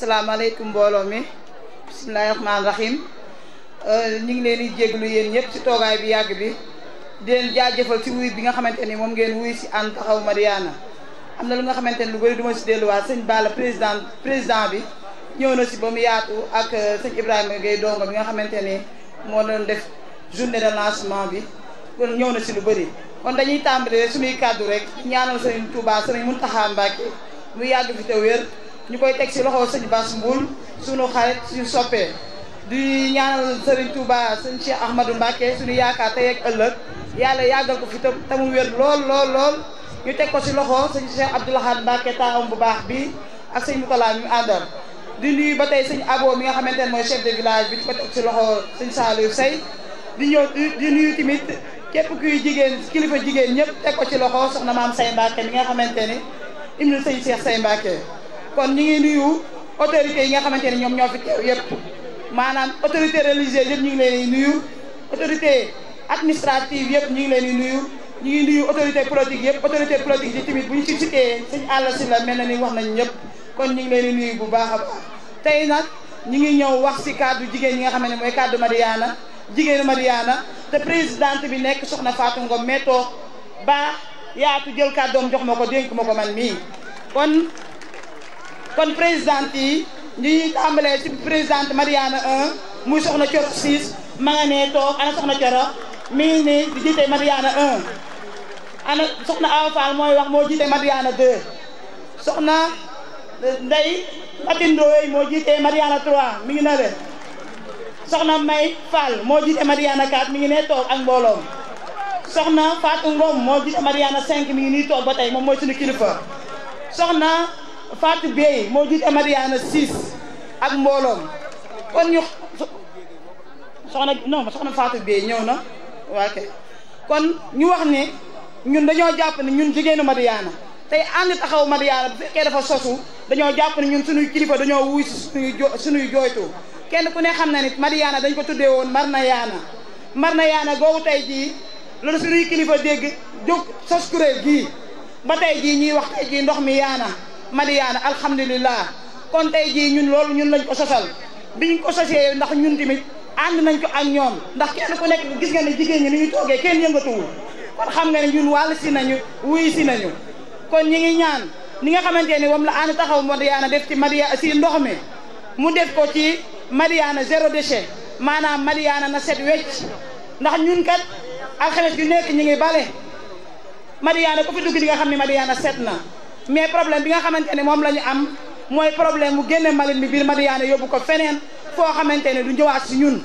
salaamaaleykum mbooloo mi bisimilahi rahmaani rahim euh, ñu ngi leen di jéglu yéen ñëpp ci toogaay bi yàgg bi di leen jaajëfal ci wuy bi nga xamante ni moom ngeen wuy si ànd taxaw Mariama am na lu nga xamante ni lu bëri du ma si delluwaat sëñ Balla président président bi ñëw na si ba mu yaatu ak euh, sëñ Ibrahima Gueye dongo bi nga xamante ni moo doon def journée de lancement bi kon ñëw na si lu bëri kon dañuy tàmbalee suñuy kàddu rek ñaanal sëñ Touba sëñ Mountakha Mbacké mu yàgg fi te ñu koy teg si loxo sëñ Bass Mbour suñu xarit suñu soppee di ñaanal Serigne Touba sëñ Cheikh Ahmadou Mbacké suñu yaakaar tey ak ëllëg yàlla yàggal ko fi tam tamu wér lool lool lool ñu teg ko ci loxo sëñ Cheikh Abdou Lahad Mbacké taawam bu baax bi ak sëñ Moutala mi mu àndal di nuyu ba tey sëñ Abo mi nga xamante ne mooy chef de village bi di teg si loxo sëñ Sey di ñëw di nuyu tamit képp kuy jigéen kilifa jigéen ñëpp teg ko ci loxo soxna maam Say Mbacké mi nga xamante ni im na sëñ Cheikh Say Mbacké kon ñu ngi nuyu autorités yi nga xamante ne ñoom ñoo fi teew yëpp maanaam autorité religieuse yëpp ñu ngi leen di nuyu autorité administrative yëpp ñu ngi leen di nuyu ñu ngi nuyu autorité politique yëpp autorité politique yi tamit bu ñu ci citee sëñ Alla Sylla mel na ni wax nañ ñëpp kon ñu ngi leen di nuyu bu baax a baax tey nag ñi ngi ñëw wax ci kàddu jigéen ñi nga xam ne mooy kàddu Madiyana jigéenu Madiyana te présidente bi nekk soxna Fatou Ngom méttoo baax yaatu jël kàddoom jox ma ko dénk ma ko man mii kon présidente yi ñu ñuy tàmbalee ci présidente Mariama 1 muy soxna Coro 6 ma nga nee toog ana soxna Coro mi ngi nii di jiite Mariama 1 ana soxna Awa Fall mooy wax moo jiite Mariama 2 soxna Ndey Matindooy moo jiite Mariama 3 mi ngi na le soxna May Fall moo jiite Mariama 4 mi ngi nee toog ak mbooloom soxna Fatou Ngom moo jiite Mariama 5 mi ngi nii toog ba tey moom mooy suñu kilifa soxna Fatou Bey moo jiite madiana Ciss ak mbooloom kon ñu soxna non soxna Fatou Bey ñëw na waa kay kon ñu wax ni ñun dañoo jàpp ne ñun jigéenu Mariana tey ànd taxaw Mariana bu fekkee dafa sosu dañoo jàpp ne ñun suñuy kilifa dañoo wuy suñuy jo suñuy kenn ku ne xam na ni Mariana dañ ko tuddee woon na Marnayaana googu tey jii loolu suñuy kilifa dégg jóg sos kuréel gii ba tey jii ñuy wax tey jii ndox mi yaana madiyaana alhamdulillah kon tey jii ñun loolu ñun lañ ko sosal biñ ko sosee ndax ñun tamit ànd nañ ko ak ñoom ndax kenn ku nekk gis nga ne jigéen ñi ni ñu toogee kenn yëngatuwul kon xam nga ne ñun wàll si nañu wuy si nañu kon ñi ngi ñaan ni nga xamante ni moom la ànd taxaw madiyaana def ci madiya si ndox mi mu def ko ci madiyaana zéro che maanaam madiyaana na set wecc ndax ñun kat alxames yu nekk ñi ngi bale madiyaana ku fi dugg di nga xam ni madiyaana set na mais problème bi nga xamante ne moom la ñu am mooy problème mu génne mbalit mi biir Madiyana yóbbu ko feneen foo xamante ne du ñëwaat si ñun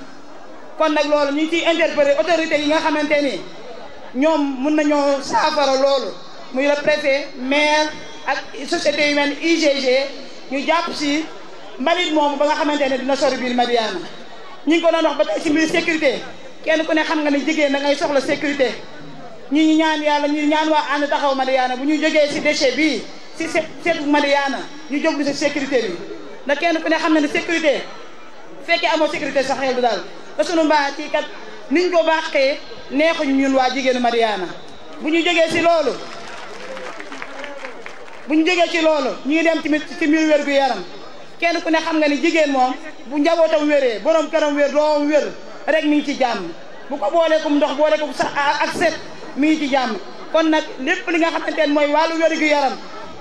kon nag loolu ñu ngi ciy interpellé autorité yi nga xamante ni ñoom mun nañoo saafara loolu muy le préfet maire ak société humaine IGG ñu jàpp si mbalit moomu ba nga xamante ne na sori biir Madiyana ñu ngi ko doon wax ba tey si mbir sécurité kenn ku ne xam nga ne jigéen da ngay soxla sécurité ñu ñu ñaan yàlla ñu ñaan waa ànd taxaw Madiyana bu ñu jógee ci déchet bii si seet Madiyana ñu jóglu si sécurité bi ndax kenn ku ne xam na ne sécurité fekkee amoo sécurité sax xel du daal te sunu mbaa ci kat niñ ko neexuñu ñun waa jigéenu Madiyana bu ñu jógee si loolu bu ñu jógee ci loolu ñu ngi dem tamit ci mbiru wér gu yaram kenn ku ne xam nga ni jigéen moom bu njabootam wéree borom këram wér doom wér rek mi ngi ci jàmm bu ko boolee ndox boole sax ak set mi ngi ci jàmm kon nag lépp li nga xamante ne mooy wàllu wér gu yaram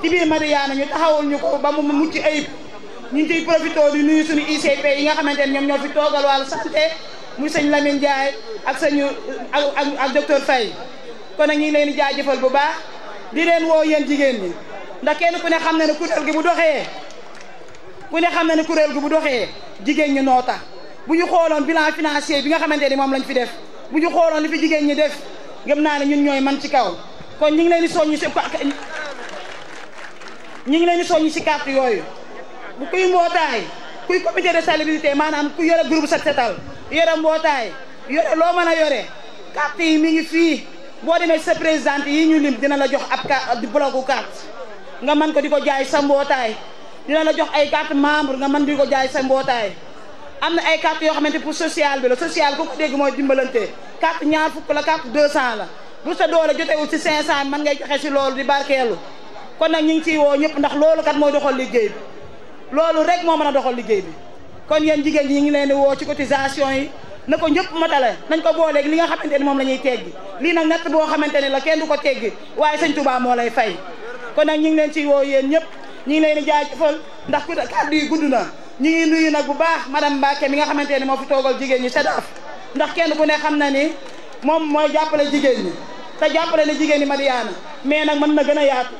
ci biir Madiyana ñu taxawul ñu ko ba mu mucc ayib ñu ngi ciy profité di nuyu suñu ICP yi nga xamante ne ñoom ñoo fi toogal wàllu santé muy sëñ Lamine Ndiaye ak sëñu ak ak ak docteur Faye kon nag ñu ngi leen di jëfal bu baax di leen woo yéen jigéen ñi ndax kenn ku ne xam na ne kuréel gi bu doxee ku ne xam na ne kuréel gi bu doxee jigéen ñi noo tax bu ñu xooloon bilan financier bi nga xamante ni moom lañ fi def bu ñu xooloon li fi jigéen ñi def. gëm naa ne ñun ñooy man ci kaw kon ñu ngi leen di soññi si ñu ngi leen di soññi si carte yooyu bu kuy mbootaay kuy comité de salubrité maanaam ku yore groupe set setal yore mbootaay yore loo mën a yore carte yi mi fii boo demee sa présidente yi ñu lim dina la jox ab carte di blocu carte nga mën ko di ko jaay sa mbootaay dina la jox ay carte membre nga man di ko jaay sa mbootaay am na ay carte yoo xamante pour social bi la social ku ko dégg mooy dimbalante carte ñaar fukk la carte deux cent la bu sa doole jotewul ci cinq cent man ngay joxe ci loolu di barkeelu kon nag ñu ngi ciy woo ñëpp ndax loolu kat moo doxal liggéey bi loolu rek moo mën a doxal liggéey bi kon yéen jigéen ñi ñu ngi leen di woo ci cotisation yi na ko ñëpp matale nañ ko booleeg li nga xamante ni moom la ñuy teggi lii nag natt boo xamante ni la kenn du ko teggi waaye sëñ Touba moo lay fay kon nag ñu ngi leen ciy woo yéen ñëpp ñu ngi leen di jaajëfal ndax kàddu yi gudd na baax madame Mbacke mi nga xamante ni moo fi toogal jigéen ñi SEDAF ndax kenn ku ne xam na ni moom mooy jàppale jigéen ñi te jàppale na jigéen ñi Madiyana mais nag mën na gën a yaatu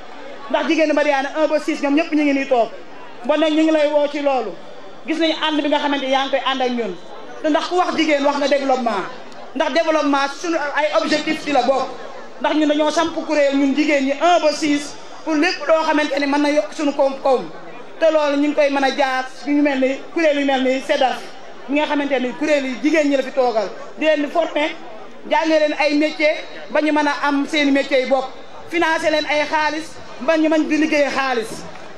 ndax jigéen ñi Madiyana 1 ba 6 ñoom ñëpp ñu ngi nii toog bon na ñu ngi lay woo ci loolu gis nañu ànd bi nga xamante yaa ngi koy ànd ak ñun te ndax ku wax jigéen wax nga développement ndax développement suñu ay objectif ci la bokk ndax ñun dañoo samp kuréel ñun jigéen ñi 1 ba 6 pour lépp loo xamante ni mën na yokk suñu koom-koom te loolu ñu ngi koy mën a jaar ñu mel ni kuréel yu mel ni SEDAF ñi nga xamante ni kuréel yi jigéen ñi la fi toogal di leen di former leen ay métier ba ñu mën a am seen i métiers bopp financé leen ay xaalis ba ñu mën di liggéey xaalis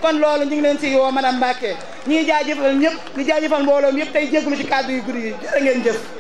kon loolu ñu ngi leen si woo madame Mbacke ñi ngi jaajëfal ñëpp di jaajëfal mbooloom yëpp tey jégalu ci kàddu yu guddi yi jërë ngeen jëf